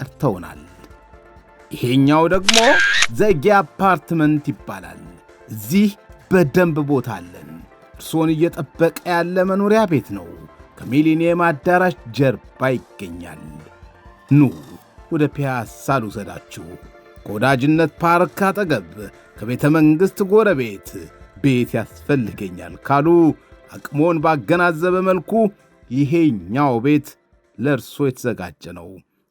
ጠርተውናል። ይሄኛው ደግሞ ዘጌ አፓርትመንት ይባላል። እዚህ በደንብ ቦታ አለን። እርሶን እየጠበቀ ያለ መኖሪያ ቤት ነው። ከሚሊኒየም አዳራሽ ጀርባ ይገኛል። ኑ ወደ ፒያሳ ልውሰዳችሁ። ከወዳጅነት ፓርክ አጠገብ ከቤተ መንግሥት ጎረቤት ቤት ያስፈልገኛል ካሉ አቅሞን ባገናዘበ መልኩ ይሄኛው ቤት ለእርሶ የተዘጋጀ ነው።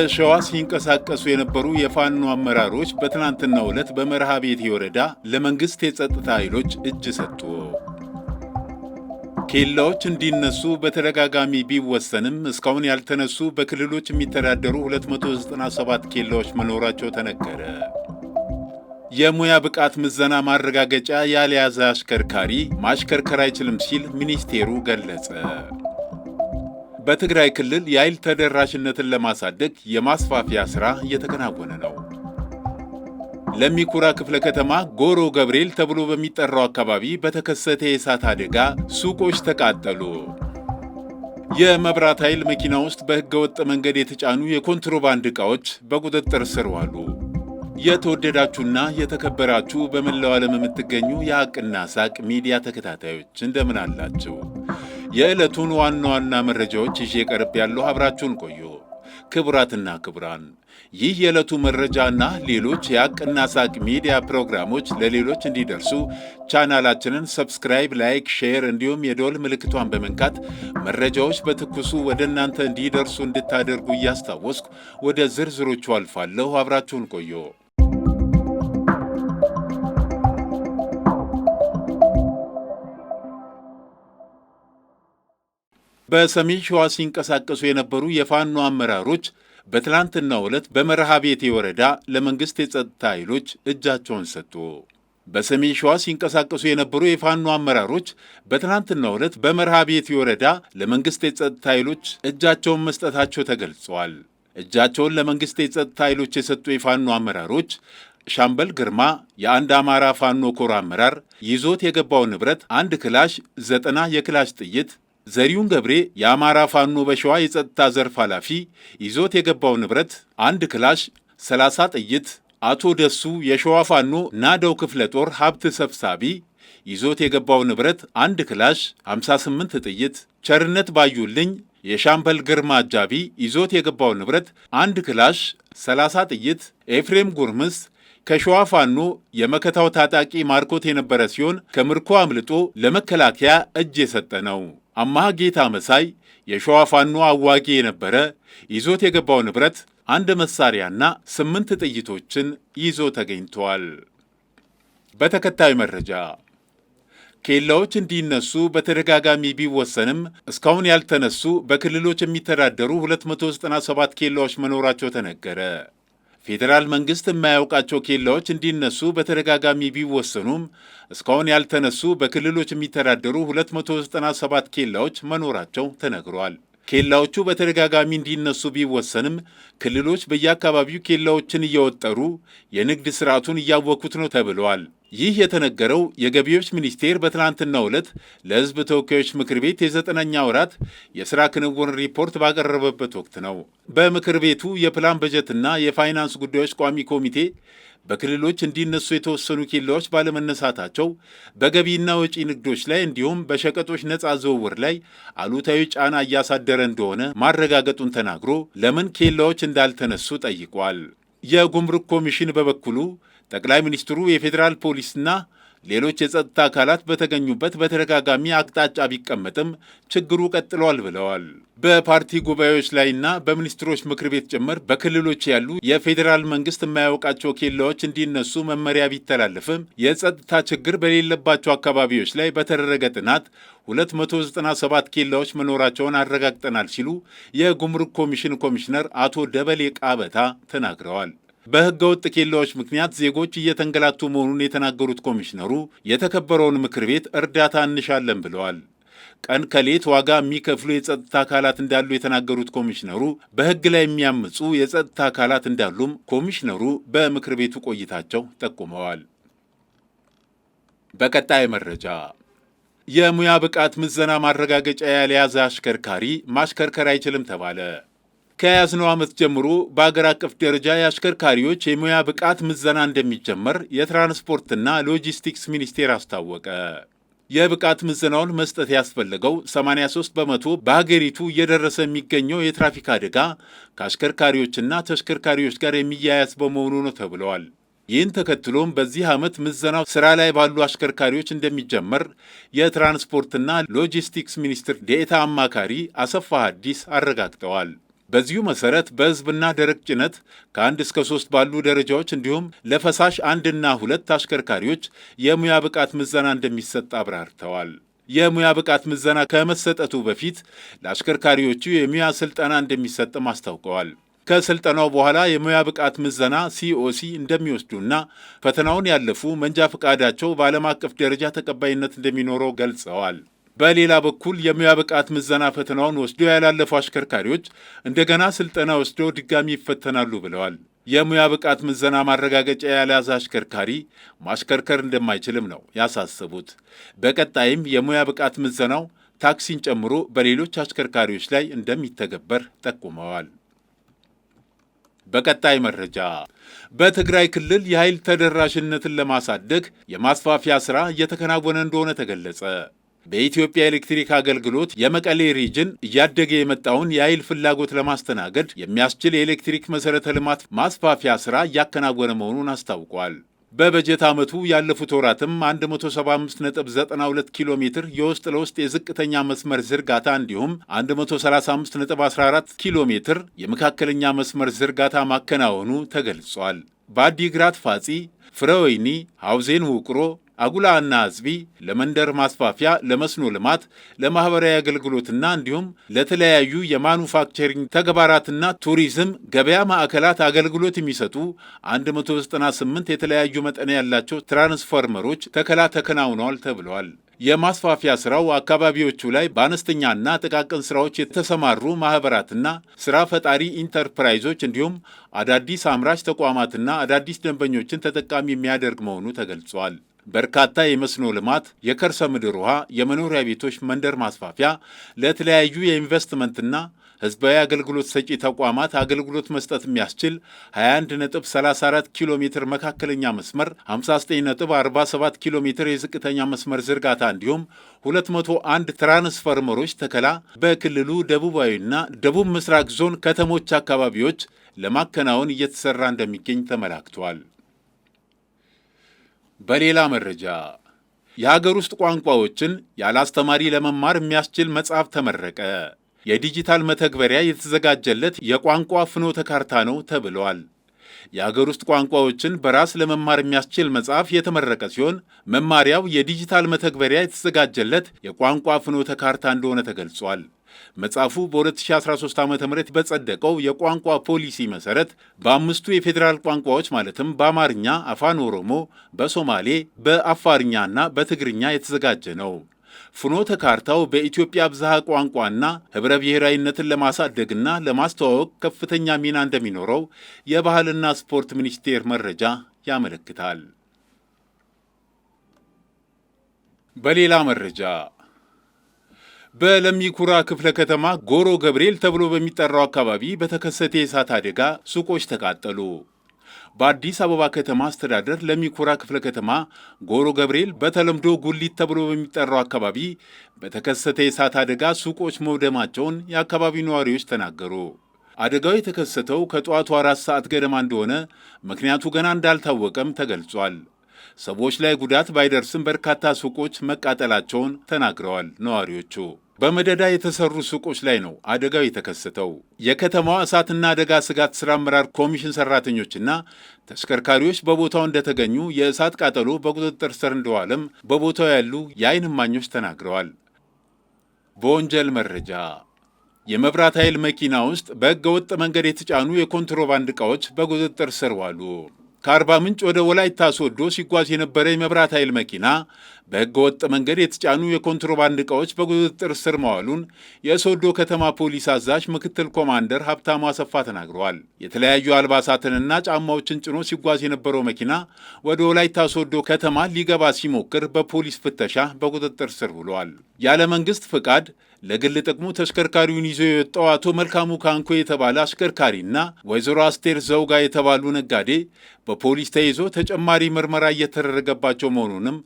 በሸዋ ሲንቀሳቀሱ የነበሩ የፋኖ አመራሮች በትናንትናው ዕለት በመርሃ ቤቴ ወረዳ ለመንግሥት የጸጥታ ኃይሎች እጅ ሰጡ። ኬላዎች እንዲነሱ በተደጋጋሚ ቢወሰንም እስካሁን ያልተነሱ በክልሎች የሚተዳደሩ 297 ኬላዎች መኖራቸው ተነገረ። የሙያ ብቃት ምዘና ማረጋገጫ ያልያዘ አሽከርካሪ ማሽከርከር አይችልም ሲል ሚኒስቴሩ ገለጸ። በትግራይ ክልል የኃይል ተደራሽነትን ለማሳደግ የማስፋፊያ ሥራ እየተከናወነ ነው። ለሚኩራ ክፍለ ከተማ ጎሮ ገብርኤል ተብሎ በሚጠራው አካባቢ በተከሰተ የእሳት አደጋ ሱቆች ተቃጠሉ። የመብራት ኃይል መኪና ውስጥ በሕገወጥ መንገድ የተጫኑ የኮንትሮባንድ ዕቃዎች በቁጥጥር ስር ዋሉ። የተወደዳችሁና የተከበራችሁ በመላው ዓለም የምትገኙ የሐቅና ሳቅ ሚዲያ ተከታታዮች እንደምን አላችሁ? የዕለቱን ዋና ዋና መረጃዎች ይዤ ቀርብ ያለሁ። አብራችሁን ቆዩ። ክቡራትና ክቡራን፣ ይህ የዕለቱ መረጃና ሌሎች የአቅና ሳቅ ሚዲያ ፕሮግራሞች ለሌሎች እንዲደርሱ ቻናላችንን ሰብስክራይብ፣ ላይክ፣ ሼር እንዲሁም የደወል ምልክቷን በመንካት መረጃዎች በትኩሱ ወደ እናንተ እንዲደርሱ እንድታደርጉ እያስታወስኩ ወደ ዝርዝሮቹ አልፋለሁ። አብራችሁን ቆየ በሰሜን ሸዋ ሲንቀሳቀሱ የነበሩ የፋኖ አመራሮች በትላንትናው ዕለት በመርሃ ቤቴ ወረዳ ለመንግሥት የጸጥታ ኃይሎች እጃቸውን ሰጡ። በሰሜን ሸዋ ሲንቀሳቀሱ የነበሩ የፋኖ አመራሮች በትናንትናው ዕለት በመርሃ ቤቴ ወረዳ ለመንግሥት የጸጥታ ኃይሎች እጃቸውን መስጠታቸው ተገልጿል። እጃቸውን ለመንግሥት የጸጥታ ኃይሎች የሰጡ የፋኖ አመራሮች ሻምበል ግርማ የአንድ አማራ ፋኖ ኮር አመራር ይዞት የገባው ንብረት አንድ ክላሽ፣ ዘጠና የክላሽ ጥይት፣ ዘሪሁን ገብሬ የአማራ ፋኖ በሸዋ የጸጥታ ዘርፍ ኃላፊ ይዞት የገባው ንብረት አንድ ክላሽ፣ 30 ጥይት፣ አቶ ደሱ የሸዋ ፋኖ ናደው ክፍለ ጦር ሀብት ሰብሳቢ ይዞት የገባው ንብረት አንድ ክላሽ፣ 58 ጥይት፣ ቸርነት ባዩልኝ የሻምበል ግርማ አጃቢ ይዞት የገባው ንብረት አንድ ክላሽ፣ 30 ጥይት፣ ኤፍሬም ጉርምስ ከሸዋ ፋኖ የመከታው ታጣቂ ማርኮት የነበረ ሲሆን ከምርኮ አምልጦ ለመከላከያ እጅ የሰጠ ነው። አማሃ ጌታ መሳይ የሸዋ ፋኖ አዋጊ የነበረ ይዞት የገባው ንብረት አንድ መሳሪያና ስምንት ጥይቶችን ይዞ ተገኝተዋል። በተከታዩ መረጃ ኬላዎች እንዲነሱ በተደጋጋሚ ቢወሰንም እስካሁን ያልተነሱ በክልሎች የሚተዳደሩ 297 ኬላዎች መኖራቸው ተነገረ። ፌዴራል መንግስት የማያውቃቸው ኬላዎች እንዲነሱ በተደጋጋሚ ቢወሰኑም እስካሁን ያልተነሱ በክልሎች የሚተዳደሩ 297 ኬላዎች መኖራቸው ተነግሯል። ኬላዎቹ በተደጋጋሚ እንዲነሱ ቢወሰንም ክልሎች በየአካባቢው ኬላዎችን እየወጠሩ የንግድ ስርዓቱን እያወኩት ነው ተብለዋል። ይህ የተነገረው የገቢዎች ሚኒስቴር በትናንትናው ዕለት ለሕዝብ ተወካዮች ምክር ቤት የዘጠነኛ ወራት የሥራ ክንውን ሪፖርት ባቀረበበት ወቅት ነው። በምክር ቤቱ የፕላን በጀትና የፋይናንስ ጉዳዮች ቋሚ ኮሚቴ በክልሎች እንዲነሱ የተወሰኑ ኬላዎች ባለመነሳታቸው በገቢና ወጪ ንግዶች ላይ እንዲሁም በሸቀጦች ነፃ ዝውውር ላይ አሉታዊ ጫና እያሳደረ እንደሆነ ማረጋገጡን ተናግሮ ለምን ኬላዎች እንዳልተነሱ ጠይቋል። የጉምሩክ ኮሚሽን በበኩሉ ጠቅላይ ሚኒስትሩ የፌዴራል ፖሊስና ሌሎች የጸጥታ አካላት በተገኙበት በተደጋጋሚ አቅጣጫ ቢቀመጥም ችግሩ ቀጥሏል ብለዋል። በፓርቲ ጉባኤዎች ላይና በሚኒስትሮች ምክር ቤት ጭምር በክልሎች ያሉ የፌዴራል መንግስት የማያውቃቸው ኬላዎች እንዲነሱ መመሪያ ቢተላለፍም የጸጥታ ችግር በሌለባቸው አካባቢዎች ላይ በተደረገ ጥናት 297 ኬላዎች መኖራቸውን አረጋግጠናል ሲሉ የጉምሩክ ኮሚሽን ኮሚሽነር አቶ ደበሌ ቃበታ ተናግረዋል። በህገ ወጥ ኬላዎች ምክንያት ዜጎች እየተንገላቱ መሆኑን የተናገሩት ኮሚሽነሩ የተከበረውን ምክር ቤት እርዳታ እንሻለን ብለዋል። ቀን ከሌት ዋጋ የሚከፍሉ የጸጥታ አካላት እንዳሉ የተናገሩት ኮሚሽነሩ በህግ ላይ የሚያምፁ የጸጥታ አካላት እንዳሉም ኮሚሽነሩ በምክር ቤቱ ቆይታቸው ጠቁመዋል። በቀጣይ መረጃ የሙያ ብቃት ምዘና ማረጋገጫ ያልያዘ አሽከርካሪ ማሽከርከር አይችልም ተባለ። ከያዝነው ዓመት ጀምሮ በአገር አቀፍ ደረጃ የአሽከርካሪዎች የሙያ ብቃት ምዘና እንደሚጀመር የትራንስፖርትና ሎጂስቲክስ ሚኒስቴር አስታወቀ። የብቃት ምዘናውን መስጠት ያስፈለገው 83 በመቶ በሀገሪቱ እየደረሰ የሚገኘው የትራፊክ አደጋ ከአሽከርካሪዎችና ተሽከርካሪዎች ጋር የሚያያዝ በመሆኑ ነው ተብለዋል። ይህን ተከትሎም በዚህ ዓመት ምዘናው ስራ ላይ ባሉ አሽከርካሪዎች እንደሚጀመር የትራንስፖርትና ሎጂስቲክስ ሚኒስትር ዴኤታ አማካሪ አሰፋ ሀዲስ አረጋግጠዋል። በዚሁ መሰረት በህዝብና ደረቅ ጭነት ከአንድ እስከ ሶስት ባሉ ደረጃዎች እንዲሁም ለፈሳሽ አንድና ሁለት አሽከርካሪዎች የሙያ ብቃት ምዘና እንደሚሰጥ አብራርተዋል። የሙያ ብቃት ምዘና ከመሰጠቱ በፊት ለአሽከርካሪዎቹ የሙያ ስልጠና እንደሚሰጥም አስታውቀዋል። ከስልጠናው በኋላ የሙያ ብቃት ምዘና ሲኦሲ እንደሚወስዱና ፈተናውን ያለፉ መንጃ ፈቃዳቸው በዓለም አቀፍ ደረጃ ተቀባይነት እንደሚኖረው ገልጸዋል። በሌላ በኩል የሙያ ብቃት ምዘና ፈተናውን ወስዶ ያላለፉ አሽከርካሪዎች እንደገና ስልጠና ወስዶ ድጋሚ ይፈተናሉ ብለዋል። የሙያ ብቃት ምዘና ማረጋገጫ ያልያዘ አሽከርካሪ ማሽከርከር እንደማይችልም ነው ያሳሰቡት። በቀጣይም የሙያ ብቃት ምዘናው ታክሲን ጨምሮ በሌሎች አሽከርካሪዎች ላይ እንደሚተገበር ጠቁመዋል። በቀጣይ መረጃ በትግራይ ክልል የኃይል ተደራሽነትን ለማሳደግ የማስፋፊያ ሥራ እየተከናወነ እንደሆነ ተገለጸ። በኢትዮጵያ ኤሌክትሪክ አገልግሎት የመቀሌ ሪጅን እያደገ የመጣውን የኃይል ፍላጎት ለማስተናገድ የሚያስችል የኤሌክትሪክ መሠረተ ልማት ማስፋፊያ ሥራ እያከናወነ መሆኑን አስታውቋል። በበጀት ዓመቱ ያለፉት ወራትም 175.92 ኪሎ ሜትር የውስጥ ለውስጥ የዝቅተኛ መስመር ዝርጋታ እንዲሁም 135.14 ኪሎ ሜትር የመካከለኛ መስመር ዝርጋታ ማከናወኑ ተገልጿል። በአዲግራት ፋጺ፣ ፍረወይኒ፣ ሐውዜን ውቅሮ አጉላና ህዝቢ ለመንደር ማስፋፊያ፣ ለመስኖ ልማት፣ ለማህበራዊ አገልግሎትና እንዲሁም ለተለያዩ የማኑፋክቸሪንግ ተግባራትና ቱሪዝም ገበያ ማዕከላት አገልግሎት የሚሰጡ 198 የተለያዩ መጠን ያላቸው ትራንስፎርመሮች ተከላ ተከናውነዋል ተብለዋል። የማስፋፊያ ስራው አካባቢዎቹ ላይ በአነስተኛና ጥቃቅን ስራዎች የተሰማሩ ማህበራትና ስራ ፈጣሪ ኢንተርፕራይዞች እንዲሁም አዳዲስ አምራች ተቋማትና አዳዲስ ደንበኞችን ተጠቃሚ የሚያደርግ መሆኑ ተገልጿል። በርካታ የመስኖ ልማት፣ የከርሰ ምድር ውሃ፣ የመኖሪያ ቤቶች መንደር ማስፋፊያ፣ ለተለያዩ የኢንቨስትመንትና ህዝባዊ አገልግሎት ሰጪ ተቋማት አገልግሎት መስጠት የሚያስችል 21.34 ኪሎ ሜትር መካከለኛ መስመር፣ 59.47 ኪሎ ሜትር የዝቅተኛ መስመር ዝርጋታ እንዲሁም 201 ትራንስፈርመሮች ተከላ በክልሉ ደቡባዊና ደቡብ ምስራቅ ዞን ከተሞች አካባቢዎች ለማከናወን እየተሰራ እንደሚገኝ ተመላክቷል። በሌላ መረጃ የሀገር ውስጥ ቋንቋዎችን ያለ አስተማሪ ለመማር የሚያስችል መጽሐፍ ተመረቀ። የዲጂታል መተግበሪያ የተዘጋጀለት የቋንቋ ፍኖተ ካርታ ነው ተብሏል። የአገር ውስጥ ቋንቋዎችን በራስ ለመማር የሚያስችል መጽሐፍ የተመረቀ ሲሆን መማሪያው የዲጂታል መተግበሪያ የተዘጋጀለት የቋንቋ ፍኖተ ካርታ እንደሆነ ተገልጿል። መጽሐፉ በ2013 ዓ ም በጸደቀው የቋንቋ ፖሊሲ መሠረት በአምስቱ የፌዴራል ቋንቋዎች ማለትም በአማርኛ፣ አፋን ኦሮሞ፣ በሶማሌ፣ በአፋርኛና በትግርኛ የተዘጋጀ ነው። ፍኖተ ካርታው በኢትዮጵያ ብዝሃ ቋንቋና ህብረ ብሔራዊነትን ለማሳደግና ለማስተዋወቅ ከፍተኛ ሚና እንደሚኖረው የባህልና ስፖርት ሚኒስቴር መረጃ ያመለክታል። በሌላ መረጃ በለሚኩራ ክፍለ ከተማ ጎሮ ገብርኤል ተብሎ በሚጠራው አካባቢ በተከሰተ የእሳት አደጋ ሱቆች ተቃጠሉ። በአዲስ አበባ ከተማ አስተዳደር ለሚኩራ ክፍለ ከተማ ጎሮ ገብርኤል በተለምዶ ጉሊት ተብሎ በሚጠራው አካባቢ በተከሰተ የእሳት አደጋ ሱቆች መውደማቸውን የአካባቢው ነዋሪዎች ተናገሩ። አደጋው የተከሰተው ከጠዋቱ አራት ሰዓት ገደማ እንደሆነ ምክንያቱ ገና እንዳልታወቀም ተገልጿል። ሰዎች ላይ ጉዳት ባይደርስም በርካታ ሱቆች መቃጠላቸውን ተናግረዋል ነዋሪዎቹ። በመደዳ የተሰሩ ሱቆች ላይ ነው አደጋው የተከሰተው። የከተማዋ እሳትና አደጋ ስጋት ስራ አመራር ኮሚሽን ሰራተኞችና ተሽከርካሪዎች በቦታው እንደተገኙ፣ የእሳት ቃጠሎ በቁጥጥር ስር እንደዋለም በቦታው ያሉ የአይን እማኞች ተናግረዋል። በወንጀል መረጃ የመብራት ኃይል መኪና ውስጥ በሕገ ወጥ መንገድ የተጫኑ የኮንትሮባንድ ዕቃዎች በቁጥጥር ስር ዋሉ። ከአርባ ምንጭ ወደ ወላይታ ሶዶ ሲጓዝ የነበረ የመብራት ኃይል መኪና በሕገ ወጥ መንገድ የተጫኑ የኮንትሮባንድ ዕቃዎች በቁጥጥር ስር መዋሉን የሶዶ ከተማ ፖሊስ አዛዥ ምክትል ኮማንደር ሀብታሙ አሰፋ ተናግረዋል። የተለያዩ አልባሳትንና ጫማዎችን ጭኖ ሲጓዝ የነበረው መኪና ወደ ወላይታ ሶዶ ከተማ ሊገባ ሲሞክር በፖሊስ ፍተሻ በቁጥጥር ስር ውሏል። ያለ መንግሥት ፍቃድ ለግል ጥቅሙ ተሽከርካሪውን ይዞ የወጣው አቶ መልካሙ ካንኮ የተባለ አሽከርካሪና ወይዘሮ አስቴር ዘውጋ የተባሉ ነጋዴ በፖሊስ ተይዞ ተጨማሪ ምርመራ እየተደረገባቸው መሆኑንም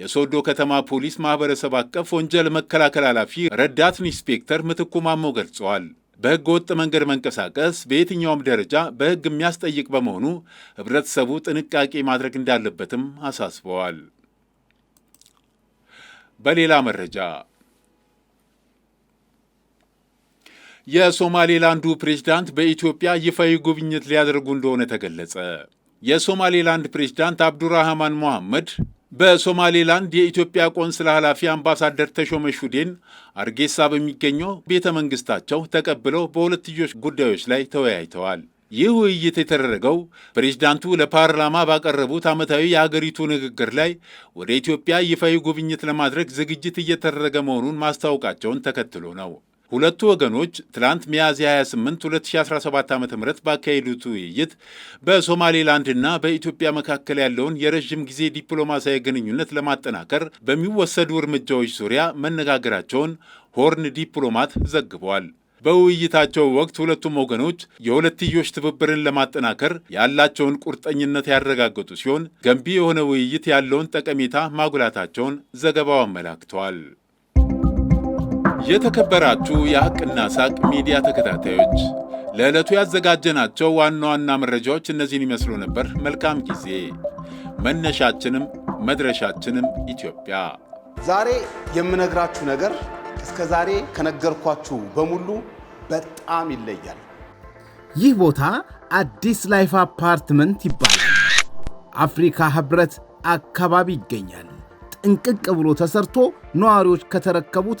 የሶዶ ከተማ ፖሊስ ማህበረሰብ አቀፍ ወንጀል መከላከል ኃላፊ ረዳት ኢንስፔክተር ምትኩ ማሞ ገልጸዋል። በሕገ ወጥ መንገድ መንቀሳቀስ በየትኛውም ደረጃ በህግ የሚያስጠይቅ በመሆኑ ህብረተሰቡ ጥንቃቄ ማድረግ እንዳለበትም አሳስበዋል። በሌላ መረጃ የሶማሌላንዱ ፕሬዝዳንት በኢትዮጵያ ይፋዊ ጉብኝት ሊያደርጉ እንደሆነ ተገለጸ። የሶማሌላንድ ፕሬዝዳንት አብዱራህማን ሞሐመድ በሶማሌላንድ የኢትዮጵያ ቆንስላ ኃላፊ አምባሳደር ተሾመ ሹዴን አርጌሳ በሚገኘው ቤተ መንግስታቸው ተቀብለው በሁለትዮሽ ጉዳዮች ላይ ተወያይተዋል። ይህ ውይይት የተደረገው ፕሬዝዳንቱ ለፓርላማ ባቀረቡት ዓመታዊ የአገሪቱ ንግግር ላይ ወደ ኢትዮጵያ ይፋዊ ጉብኝት ለማድረግ ዝግጅት እየተደረገ መሆኑን ማስታወቃቸውን ተከትሎ ነው። ሁለቱ ወገኖች ትላንት ሚያዝያ 28 2017 ዓ ም ባካሄዱት ውይይት በሶማሌላንድና በኢትዮጵያ መካከል ያለውን የረዥም ጊዜ ዲፕሎማሲያዊ ግንኙነት ለማጠናከር በሚወሰዱ እርምጃዎች ዙሪያ መነጋገራቸውን ሆርን ዲፕሎማት ዘግበዋል። በውይይታቸው ወቅት ሁለቱም ወገኖች የሁለትዮሽ ትብብርን ለማጠናከር ያላቸውን ቁርጠኝነት ያረጋገጡ ሲሆን ገንቢ የሆነ ውይይት ያለውን ጠቀሜታ ማጉላታቸውን ዘገባው አመላክተዋል። የተከበራችሁ የሐቅና ሳቅ ሚዲያ ተከታታዮች ለዕለቱ ያዘጋጀናቸው ዋና ዋና መረጃዎች እነዚህን ይመስሉ ነበር። መልካም ጊዜ። መነሻችንም መድረሻችንም ኢትዮጵያ። ዛሬ የምነግራችሁ ነገር እስከ ዛሬ ከነገርኳችሁ በሙሉ በጣም ይለያል። ይህ ቦታ አዲስ ላይፍ አፓርትመንት ይባላል። አፍሪካ ህብረት አካባቢ ይገኛል። ጥንቅቅ ብሎ ተሰርቶ ነዋሪዎች ከተረከቡት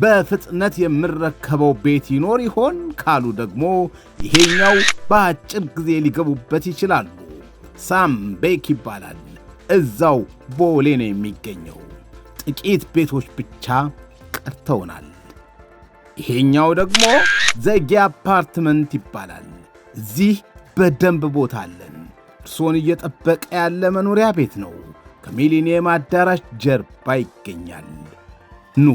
በፍጥነት የምረከበው ቤት ይኖር ይሆን ካሉ ደግሞ ይሄኛው በአጭር ጊዜ ሊገቡበት ይችላሉ። ሳም ቤክ ይባላል። እዛው ቦሌ ነው የሚገኘው። ጥቂት ቤቶች ብቻ ቀርተውናል። ይሄኛው ደግሞ ዘጌ አፓርትመንት ይባላል። እዚህ በደንብ ቦታ አለን። እርሶን እየጠበቀ ያለ መኖሪያ ቤት ነው። ከሚሊኒየም አዳራሽ ጀርባ ይገኛል። ኑ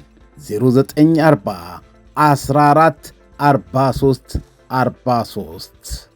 0940 14 43 43